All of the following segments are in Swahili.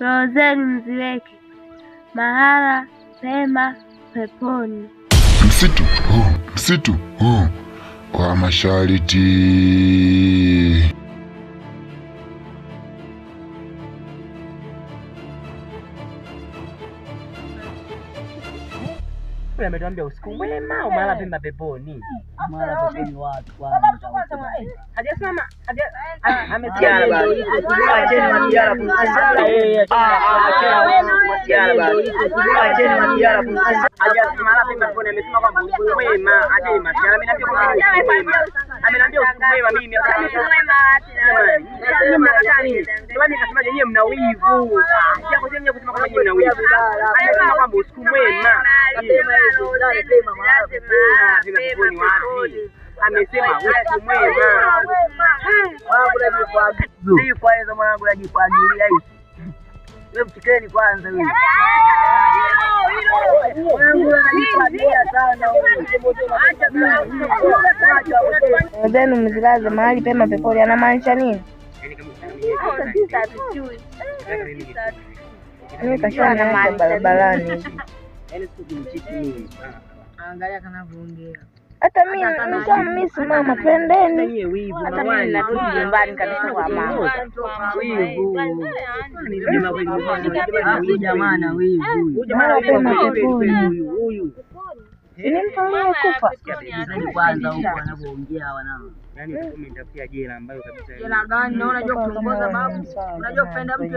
roho zenu mziweke mahala pema peponi. Msitu huu, oh, msitu huu oh, kwa mashariti. Yule ametuambia usiku mwema, mara pemba peponi. Mara peponi watu kwanza. Hajasema amesikia Hajasema mara peponi ameniambia usimwema mimi. Amesema Mwanangu najifagilia mshikeni kwanza huyu. Zenu mzilaze mahali pema peponi, anamaanisha nini? Mimi kashaona barabarani. Yaani Angalia kanavyoongea hata mi mimi simama pendeni, hata mimi ninatoka nyumbani kabisa kwa mama. ni mtu aliyekufa kwanza, huko wanao mimi hmm. jela ambayo kabisa. Jela gani? Unajua kuongoza babu? Unajua kupenda mtu?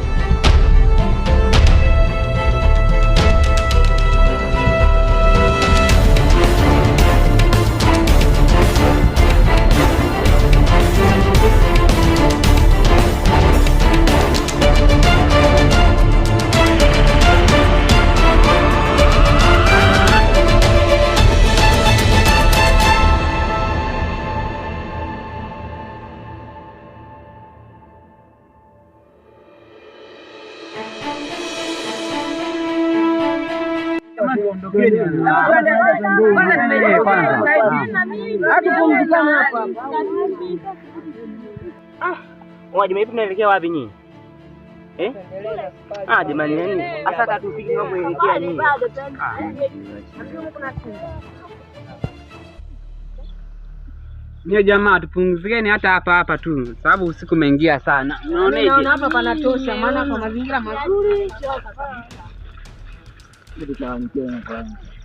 Jamani, tunaelekea wapi nyinyi? Eh? Ah, jamani nani? Sasa kwa kuelekea jamaa, tupumzikeni hata hapa hapa tu, sababu usiku umeingia sana. Naona hapa panatosha, maana kwa mazingira mazuri.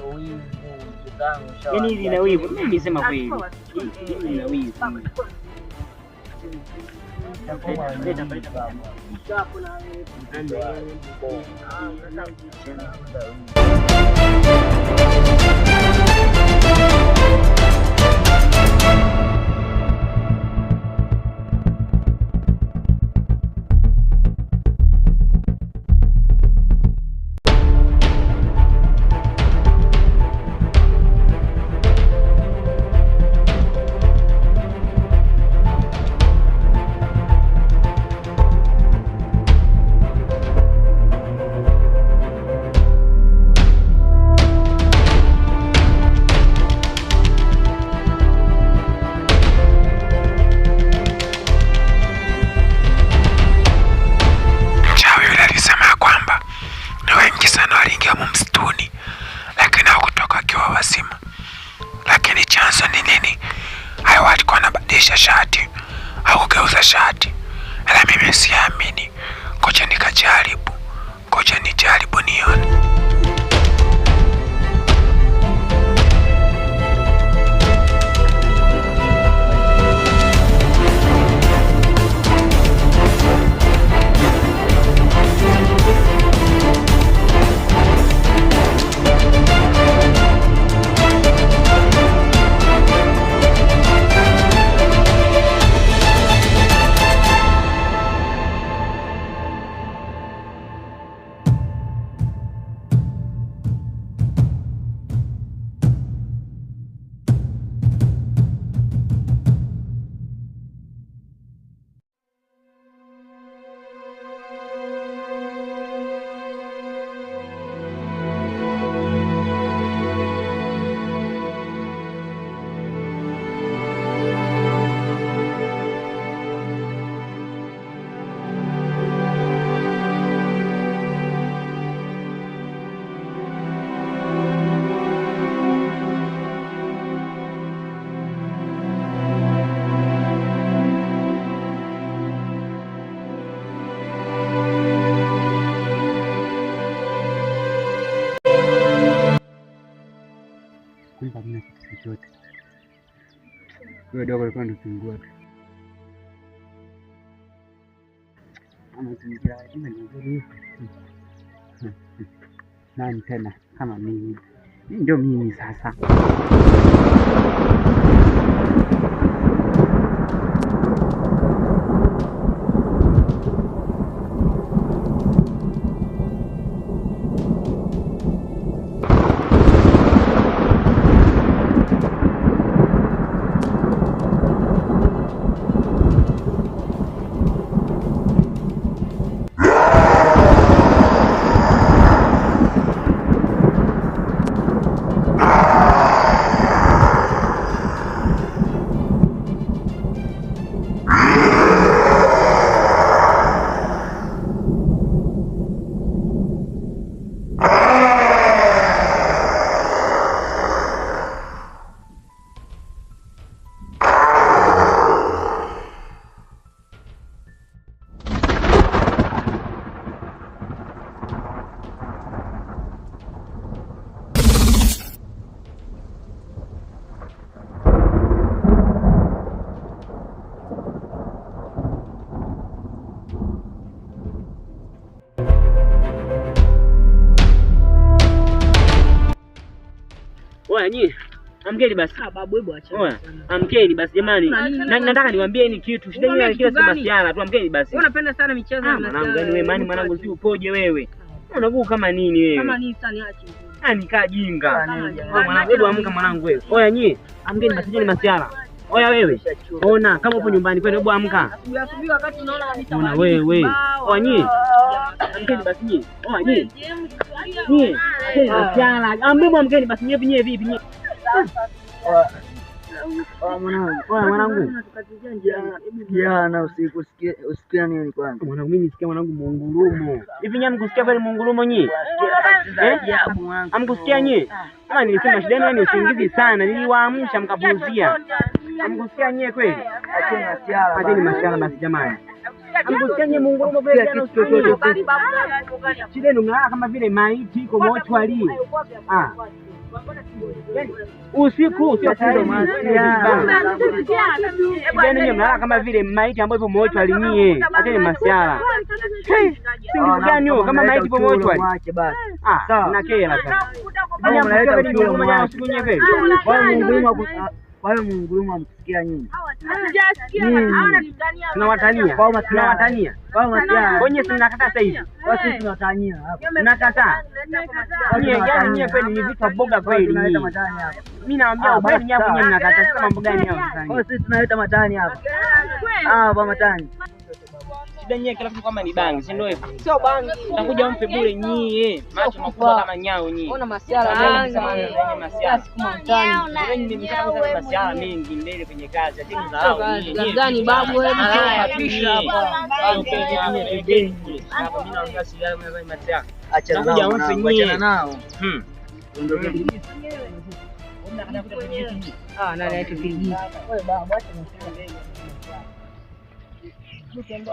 ndo wivu zangu shawa. Yaani hizi na wivu, mimi nisema kweli. Hizi na na, hindi ba wivu. Thank you. kwanza hamna kitu chochote. Wewe dogo alikuwa anatuingua tu. Nani tena kama mimi? Ndio mimi sasa. Oya nyi. amkeni basi. Ah, Babu hebu acha. Oya amkeni basi jamani, nataka niwaambieni kitu. Shida nyingi kila siku masiara tu, amkeni basi. Wewe unapenda sana michezo ah, na masiara. Mwanangu wewe, maana mwanangu si upoje wewe. Ah. Unakuwa kama nini wewe? Kama nini sana acha. Ah, nikaa jinga. Ah, hebu amka mwanangu wewe. Oya nyi. amkeni basi, jeni masiara. Oya wewe. Ona kama upo nyumbani kwenu, hebu amka. Ona wewe. Oa nyie. Amkeni basi nyie. Oa nyie. Nyie. Ambe basi nyie vipi nyie? Oh, mwanangu, mwanangu, jana usiku usikia nini kwanza? Mwanangu, mimi nisikia mwanangu mungurumo hivi. Nyie mkusikia pale mungurumo nyie? Eh? Amkusikia nyie? Kama nilisema shida yenu ni usingizi sana, niliwaamsha mkapuzia. Amkusikia nyie kweli? Acheni masiala basi jamani. kama vile maiti iko mochwali usiku siaani mlala kama vile maiti ambayo pomochwa linyie, acheni masiala gani huo, kama maiti pomochwa na kwa hiyo mngurumo amsikia nyinyi, tunawatania tunawatania wenye tunakata sasa hivi, basi tunawatania hapa, nakataa yani nyie? Kweli ni vitu boga kweli, mimi naambia ah, ukweli, nyewe mnakataa. Sasa mambo gani hayo? Sisi tunaleta matani hapa, hapa matani shida nyie, kila kitu kama ni bangi, si ndio hivyo? Sio bangi, nakuja mpe bure nyie, macho makubwa kama nyao nyie. Ona masiara yaani masiara yaani mengi mbele kwenye kazi, lakini dharau babu nakuja mpe nyie hmm. Ah, nani aitwa Kirigiti? Wewe baba acha msichana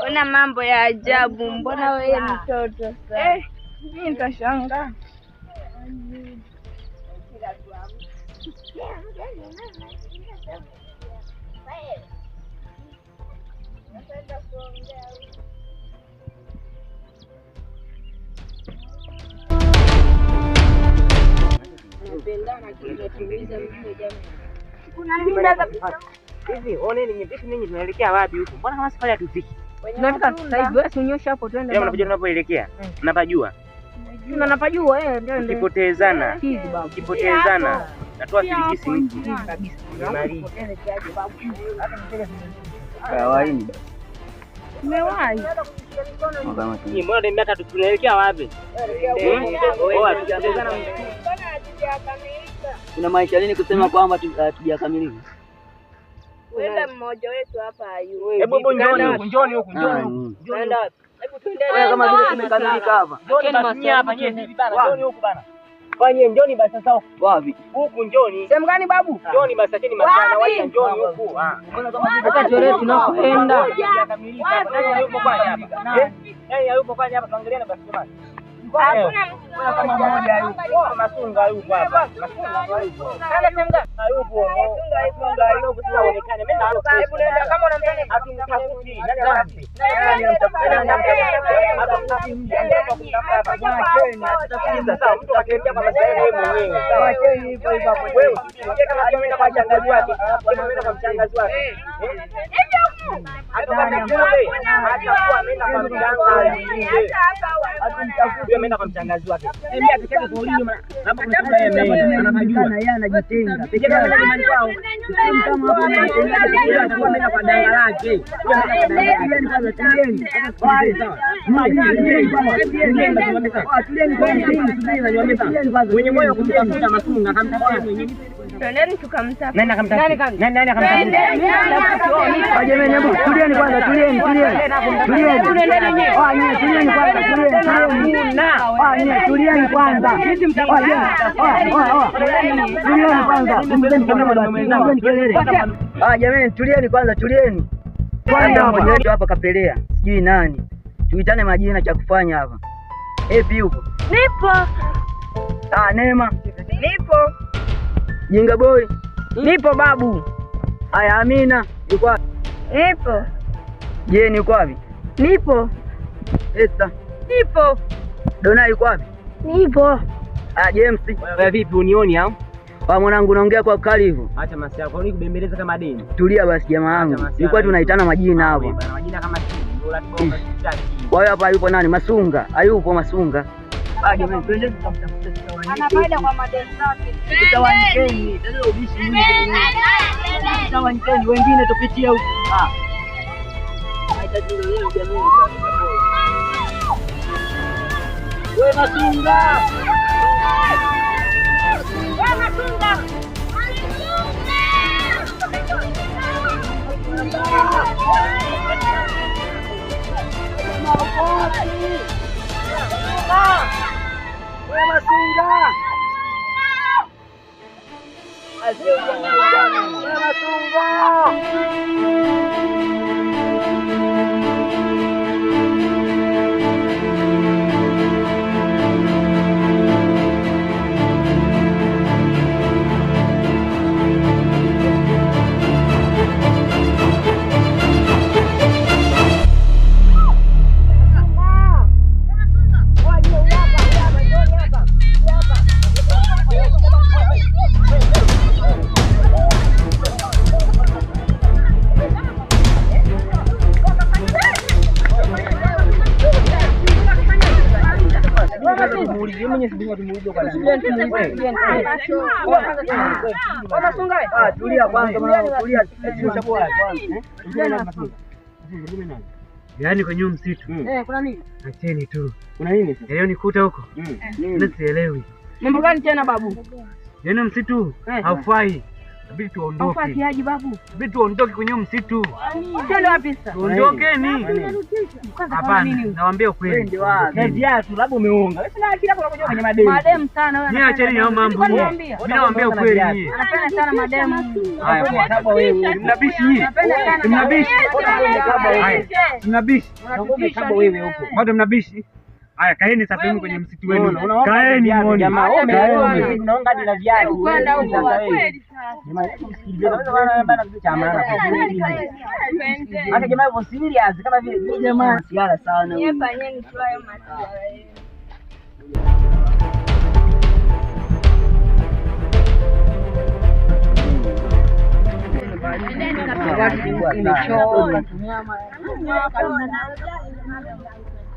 Ona mambo ya ajabu, mbona wewe mtoto sasa? Eh, mimi nitashangaa. Kuna nini? kabisa. Hivi oneni nyepishi ninyi tunaelekea wapi huko? Mbona kama safari hatufiki? Tunafika sasa hivi wewe unyosha hapo twende. Ndio unapojua tunapoelekea. Eh. Napajua. Tuna napajua eh ndio ndio. Kipotezana. Hizi eh, babu. Kipotezana. Natoa siligisi mtu. Kabisa. tunaelekea wapi? Hmm? Oa maisha nini kusema kwamba tujakamilika? Wewe mmoja wetu hapa hayuwezi. Hebu hebu njoni huku, njoni huku, njoni ah, mm. huku. Nenda. Hebu tuendelee. Kama vile tumekamilika hapa. Njoni hapa nyinyi bana. Njoni huku bana. Fanye njoni basi sasa wapi? Huku njoni. Sehemu gani babu? Ah. Njoni basi acheni mashana wacha njoni huku. Ah. Hata chore tunakoenda. Kamilika. Nani eh? yaani hayupo kwani hapa tuangaliane basi jamani. Hakuna eh kama mmoja kwa masaibu ameenda kwa mchangazi wake anajulikana yeye anajitenga pekee yake kama hapo anatengeneza ameenda kwa danga lake wenye moyo kumtafuta masunga akamtafuta mwenyewe Tuendeni tukamtafute. Nani akamtafuta? Nani nani akamtafuta? Jamani hebu tulieni kwanza, tulieni, tulieni. Tulieni. Tulieni. Ah, nyie tulieni kwanza, tulieni. Ah, nyie tulieni tulieni kwanza, tulieni ah, kwanza, jamani, tulieni kwanza, tulieni kwanza. Mmoja wetu hapa kapelea, sijui nani, tuitane majina, cha kufanya hapa. Epi yupo? Nipo. Ah, Neema nipo. Jinga boy nipo. Babu Aya, Amina yuko wapi? Nipo. Jeni yuko wapi? Nipo. Esta nipo. Dona yuko wapi? Nipo. Ah, James, wewe vipi unioni au? Kwa mwanangu naongea kwa ukali hivyo. Acha masia kwa nini kubembeleza kama deni. Tulia basi jamaa wangu. Nilikuwa tunaitana majina ah, hapo. Majina kama kwa hiyo hapa yupo nani? Masunga. Hayupo Masunga. Ah, twende tukamtafute kwa madeni zake. ubishi mimi. wengine tupitie huko. Ah. Haitaji leo Macumba! É Macumba! Macumba! Macumba! Macumba! Yaani kwenye msitu hmm. eh, acheni tu. Kuna nini leo yaani nikuta huko? Mimi hmm. sielewi mambo gani tena babu, yaani msitu eh. haufai Bidi tuondoke. Afuatiaje babu? Bidi tuondoke kwenye msitu. Twende wapi sasa? Tuondokeni. Hapana, nawaambia ukweli. Kazi yako labda umeonga. Wewe sina akili hapo kwenye mademu. Mademu sana wewe. Yeye acheni hao mambo. Mimi nawaambia ukweli. Anapenda sana mademu. Haya, kwa wewe mnabishi yeye. Mnabishi. Mnabishi. Mnabishi. Bado mnabishi. Aya, kaeni sasa kwenye msitu wenu. Kaeni muone. Jamaa wewe viazi. kweli sasa. Hata jamaa serious kama vile ni jamaa sana. tu hayo Imechoka.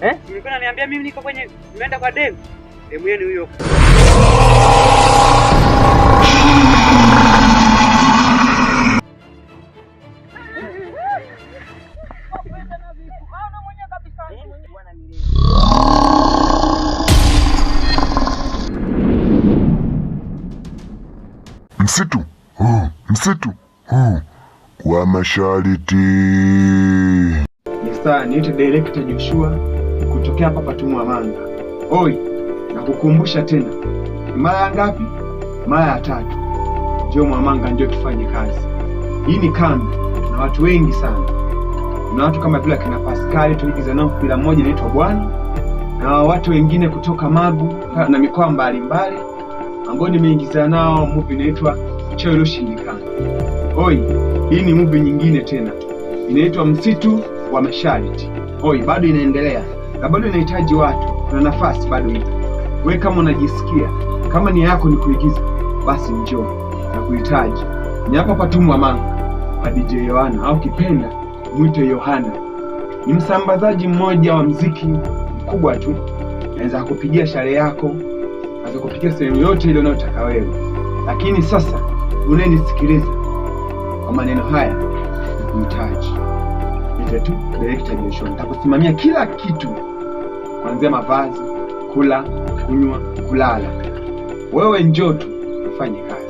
eh? Ulikuwa eh? unaniambia mimi niko kwenye nimeenda kwa dem? huyo. Msitu, Huu, msitu, oh, kwa mashariti sasa niite direkta Joshua kutokea hapa Manga. Oi, nakukumbusha tena, mara ya ngapi? Mara ya tatu. Njoo Mwamanga, njoo tufanye kazi. Hii ni kambi na watu wengi sana, na watu kama vile akina Paskali tuigiza nao mpira mmoja inaitwa Bwana, na watu wengine kutoka Magu na mikoa mbalimbali ambao nimeingiza nao movie inaitwa Choyo Oi, hii ni movie nyingine tena inaitwa Msitu wa mashariki oi, bado inaendelea na bado inahitaji watu, na nafasi bado ipo. We kama unajisikia kama nia yako ni kuigiza, basi njoo na kuhitaji ni hapa patumwa manga kwa DJ Yohana au kipenda mwite Yohana. Ni msambazaji mmoja wa mziki mkubwa tu, naweza kukupigia shale yako, naweza kupigia sehemu yote ile unayotaka wewe. Lakini sasa unayenisikiliza, kwa maneno haya, nakuhitaji ile tu direction. Nitakusimamia kila kitu, kuanzia mavazi, kula, kunywa, kulala. Wewe njoo tu ufanye kazi.